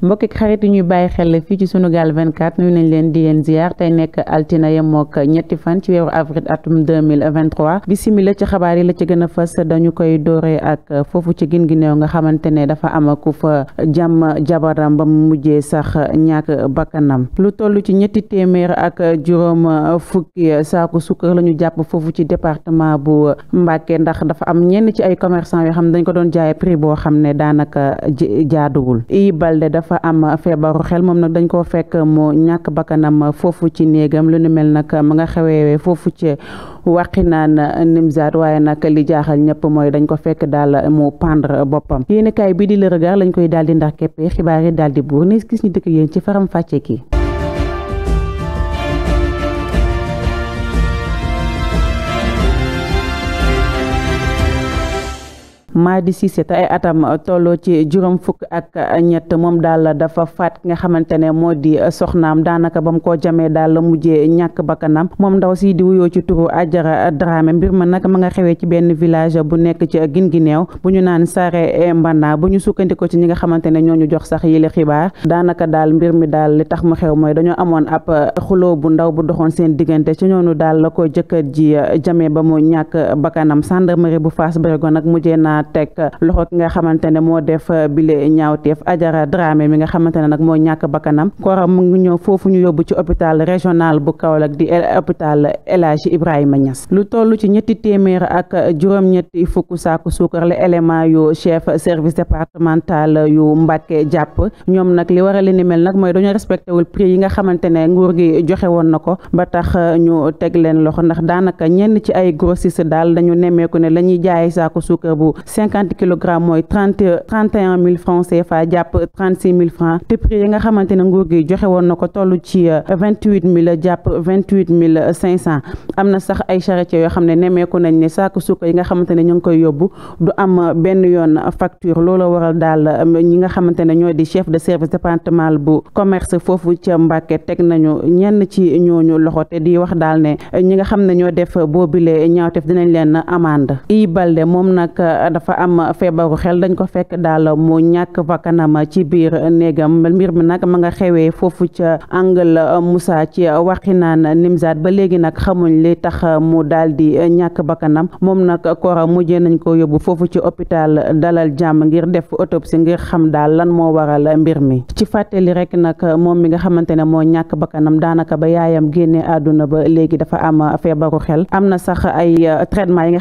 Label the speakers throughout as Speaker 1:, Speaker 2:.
Speaker 1: mbokk ak xarit yi ñuy bàyyi xel fii ci Sunugal 24 nuyu nañ leen di leen ziar tey nekk altina yemook ñetti fan ci weeru avril atum 2023 bisimila ci xabaar yi la ci gën a fës dañu koy dooree ak foofu ci gin gi néew nga xamante ne dafa am ku fa jàmm jabaram ba mu mujjee sax ñàkk bakkanam lu toll ci ñetti téeméer ak juróom fukki saaku sukkar la ñu jàpp foofu ci département bu Mbàkke ndax dafa am ñenn ci ay commerçant yoo xam ne dañ ko doon jaay prix boo xam ne daanaka jaaduwul dafa am feebaru xel moom nag dañ koo fekk mu ñàkk bakkanam foofu ci néegam lu nu mel nag ma nga xewee foofu ci waqinaan nimzaat waaye nag li jaaxal ñëpp mooy dañ ko fekk daal mu pendre boppam kaay bi di Le Regard lañ koy daal di ndax keppe xibaar yi daal di buur ni gis ñu dëkk yéen ci faram fàccee ki Madi Cissé te ay atam tolloo ci juróom fukk ak ñett moom daal la dafa faat ki nga xamante ne moo di soxnaam daanaka ba mu ko jamee daal la mujjee ñàkk bakkanam moom ndaw si di wuyoo ci turu Ajara Dramé mbir ma nag ma nga xewee ci benn village bu nekk ci Guinguinéo bu ñu naan Sare Mbana bu ñu sukkandikoo ci ñi nga xamante ne ñoo ñu jox sax yile xibaar daanaka daal mbir mi daal li tax mu xew mooy dañoo amoon ab xuloo bu ndaw bu doxoon seen diggante ci ñoonu daal la ko jëkkër ji jamee ba mu ñàkk bakkanam gendarmerie bu Fass Bérégo nag mujjee naa naa teg loxo ki nga xamante ne moo def euh, bile ñaawteef Ajara Dramé mi nga xamante ne nag moo ñàkk bakkanam koram mu ngi ñëw foofu ñu yóbbu ci hôpital régional bu Kaolack di hôpital El Hadji Ibrahima Niass lu toll ci ñetti téeméer ak juróom-ñetti fukk saaku suukar la élément yu chef service départemental yu Mbàkke jàpp ñoom nag li waral ni mel nag mooy dañu respecté wul prix yi nga xamante ne nguur gi joxe woon na ko ba tax euh, ñu teg leen loxo ndax daanaka ñenn ci cinquante kilogrammes mooy trente trente et un mille francs CFA jàpp trente six mille francs te prix yi nga xamante ne nguur gi joxe woon na ko tollu ci euh, vingt huit mille jàpp vingt huit mille cinq cent am na sax ay charretiers yoo xam ne nemmeeku nañ ne saako suukar yi nga xamante ne ñu ngi koy yóbbu du am benn yoon facture loolu waral daal euh, ñi nga xamante ne ñoo di chef de service départemental bu commerce foofu ca Mbàkke teg nañu ñenn ci ñooñu loxo te di wax daal ne ñi nga xam ne ñoo def boobile ñaawteef dinañ leen amande dafa am feebaru xel dañ ko fekk daal mu ñàkk bakkanam ci biir néegam mbir mi nag ma nga xewee foofu ca Angle Moussa ci waxinaan Nimzaat ba léegi nag xamuñ li tax mu daal di ñàkk bakkanam moom nag kora mujjee nañ ko yóbbu foofu ci opital dalal jàmm ngir def autopsie ngir xam daal lan moo waral mbir mi ci fàttali rekk nag moom mi nga xamante ne moo ñàkk bakkanam daanaka ba yaayam génnee àdduna ba léegi dafa am feebaru xel am na sax ay traitement yi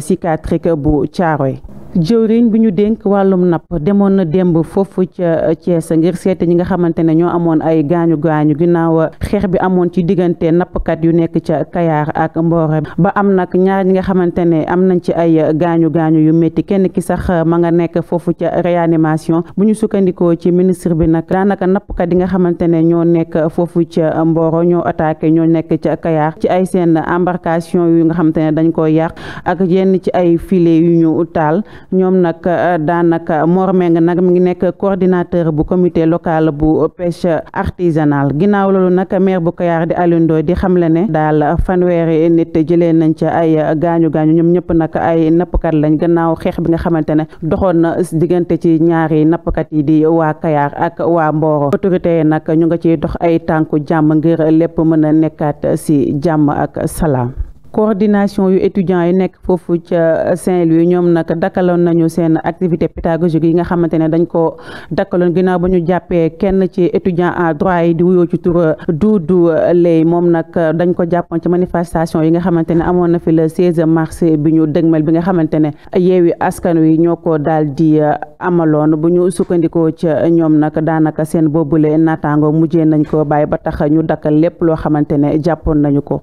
Speaker 1: psychiatrique bu Thiaroye jëwriñ bi ñu dénk wàllum napp demoon na démb foofu ca Thiès ngir seete ñi nga xamante ne ñoo amoon ay gaañu gaañu ginnaaw xeex bi amoon ci diggante nappkat yu nekk ca Kayaar ak Mboore ba am nag ñaar ñi nga xamante ne am nañ ci ay gaañu gaañu yu métti kenn ki sax ma nga nekk foofu ca réanimation bu ñu sukkandikoo ci ministre bi nag daanaka nappkat yi nga xamante ne ñoo nekk foofu ca mbooro ñoo attaqué ñoo nekk ca Kayaar ci ay seen embarcation yu nga xamante ne dañ yàq ak yenn ci ay filets yu ñu taal ñoom nag euh, daanaka Mor Meng nag mi ngi nekk coordinateur bu comité local bu pêche artisanal ginnaaw loolu nag maire bu Kayar di Alioune Ndoye di xamle ne daal fanweeri nit jëlee nañ ca ay gaañu gaañu ñoom ñëpp nag ay nappkat lañ gannaaw xeex bi nga xamante ne doxoon na diggante ci ñaari nappkat yi di waa kayaar ak waa Mboro autorité nag ñu nga ciy dox ay tànku jàmm ngir lépp mën a nekkaat si jàmm ak salaam coordination yu étudiants yi nekk foofu ca Saint-Louis ñoom nag dakkaloon nañu seen activité pédagogique yi nga xamante ne dañ ko dakkaloon ginaaw ba ñu jàppee kenn ci étudiant en droit yi di wuyoo ci du Doudou Leye moom nag dañ ko jàppoon ci manifestation yi nga xamante ne amoon na fi le 16 mars bi ñu dëgmal bi nga xamante ne yeewi askan wi ñoo ko daal di amaloon bu ñu sukkandikoo ca ñoom nag daanaka seen boobule naataango mujjee nañ ko bàyyi ba tax ñu dakkal lépp loo xamante ne jàppoon nañu ko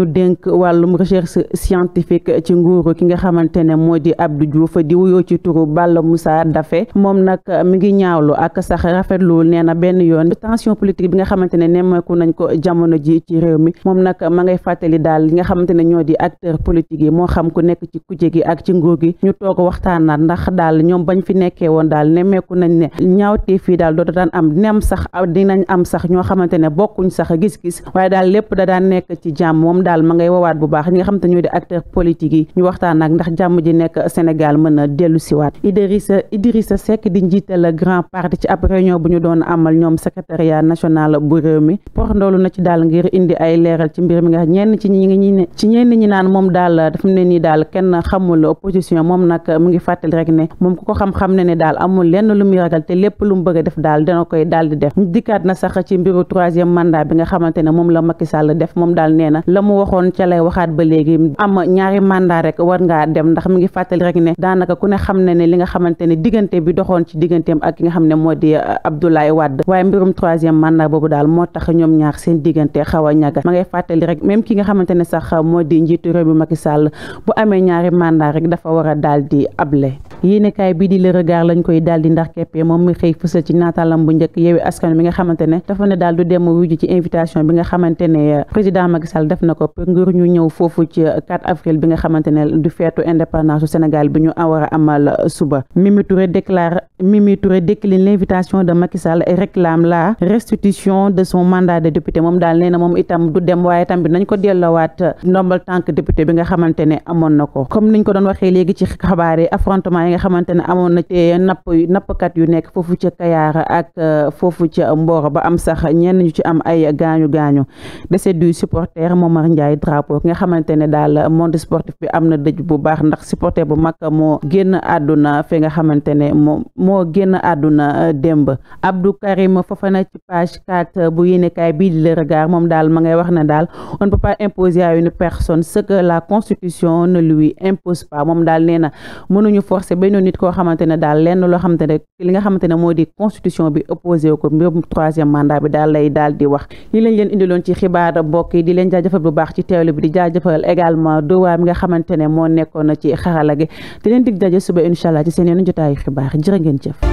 Speaker 1: ñu dénk wàllum recherche scientifique ci ki nga xamante ne moo di Abdou Diouf di wuyoo ci turu Balla Moussa Daffé moom nag mi ngi ñaawlu ak sax rafetlu nee na benn yoon tension politique bi nga xamante ne nemmeeku nañ ko jamono ji ci réew mi moom nag ma ngay fàttali daal li nga xamante ne ñoo di acteur politique yi moo xam ku nekk ci kujje gi ak ci nguur gi ñu toog waxtaanaat ndax daal ñoom bañ fi nekkee woon daal nemmeeku nañ ne ñaawtee fii daal dootu daan am dinañ sax dinañ am sax ñoo xamante ne bokkuñ sax gis-gis waaye daal lépp da daan nekk ci jàmm moom daal ma ngay wawaat bu baax ñi nga xam te ñoo di acteur politique yi ñu waxtaan nag ndax jàmm ji nekk Sénégal mën a dellu siwaat Idrissa Idrissa Seck di njiital grand parti ci ab réunion bu ñu doon amal ñoom secrétariat national bu réew mi porndoolu na ci daal ngir indi ay leeral ci mbir mi nga ñenn ci ñi ngi ne ci ñenn ñi naan moom daal dafa ne nii daal kenn xamul opposition moom nag mu ngi fàttali rek ne moom ku ko xam-xam ne ne daal amul lenn lu mu ragal te lépp lu mu bëgg a daal dana koy daal di def dikkaat na sax ci mbiru troisième mandat bi nga xamante ne moom la Macky Sall def moom daal waxoon ca lay waxaat ba léegi am ñaari mandat rek war ngaa dem ndax mi ngi fàttali rek ne daanaka ku ne xam na ne li nga xamante ne diggante bi doxoon ci digganteem ak ki nga xam ne moo di uh, Abdoulaye Wade waaye mbirum troisième mandat boobu daal moo tax ñoom ñaar seen diggante xaw a ma ngay fàttali rek même ki nga xamante ne sax moo di njiitu réew mi Macky Sall bu amee ñaari mandat rek dafa war a daal di able yéenekaay bi di Le Regard lañ koy daal di ndax keppee moom mi xëy fësal ci naataalam bu njëkk Yewwi Askan Wi nga xamante ne dafa ne daal du dem wuju ci invitation bi nga xamante ne uh, président Macky Sall def na ko bopp ngir ñu ñëw foofu ci 4 avril bi nga xamante ne du feetu indépendance su Sénégal bi ñu war a amal suba Mimi Touré déclare Mimi décline l'invitation de Macky Sall et réclame la restitution de son mandat de député moom daal nee na moom itam du dem waaye tam nañ ko delloowaat ndombal tànk député bi nga xamante ne amoon na ko comme niñ ko doon waxee léegi ci xabaar yi affrontement yi nga xamante ne amoon na ci napp nappkat yu nekk foofu ca Kayaar ak euh, foofu ca Mboro ba am sax ñenn ñu ci am ay gaañu gaañu Ndiaye drapeau ki nga xamante ne daal monde sportif bi am na dëj bu baax ndax supporter bu mag moo génn àdduna fi nga xamante ne moo moo génn àdduna euh, démb Abdou Karim Fofana ci page 4 bu yéenekaay bii di le regard moom daal ma ngay wax ne daal on ne peut pas imposer à une personne ce la constitution ne lui impose pas moom daal nee na mënuñu forcer benn nit koo xamante ne daal lenn loo xamante ne li nga xamante ne moo di constitution bi opposé ko mbirum troisième mandat bi daal baax ci teewlu bi di jaajëfal également Dowa mi nga xamante ne moo nekkoon ci xarala gi di leen dig daje suba incha allah ci seen yeneen jotaayu xibaar jërë ngeen jëf.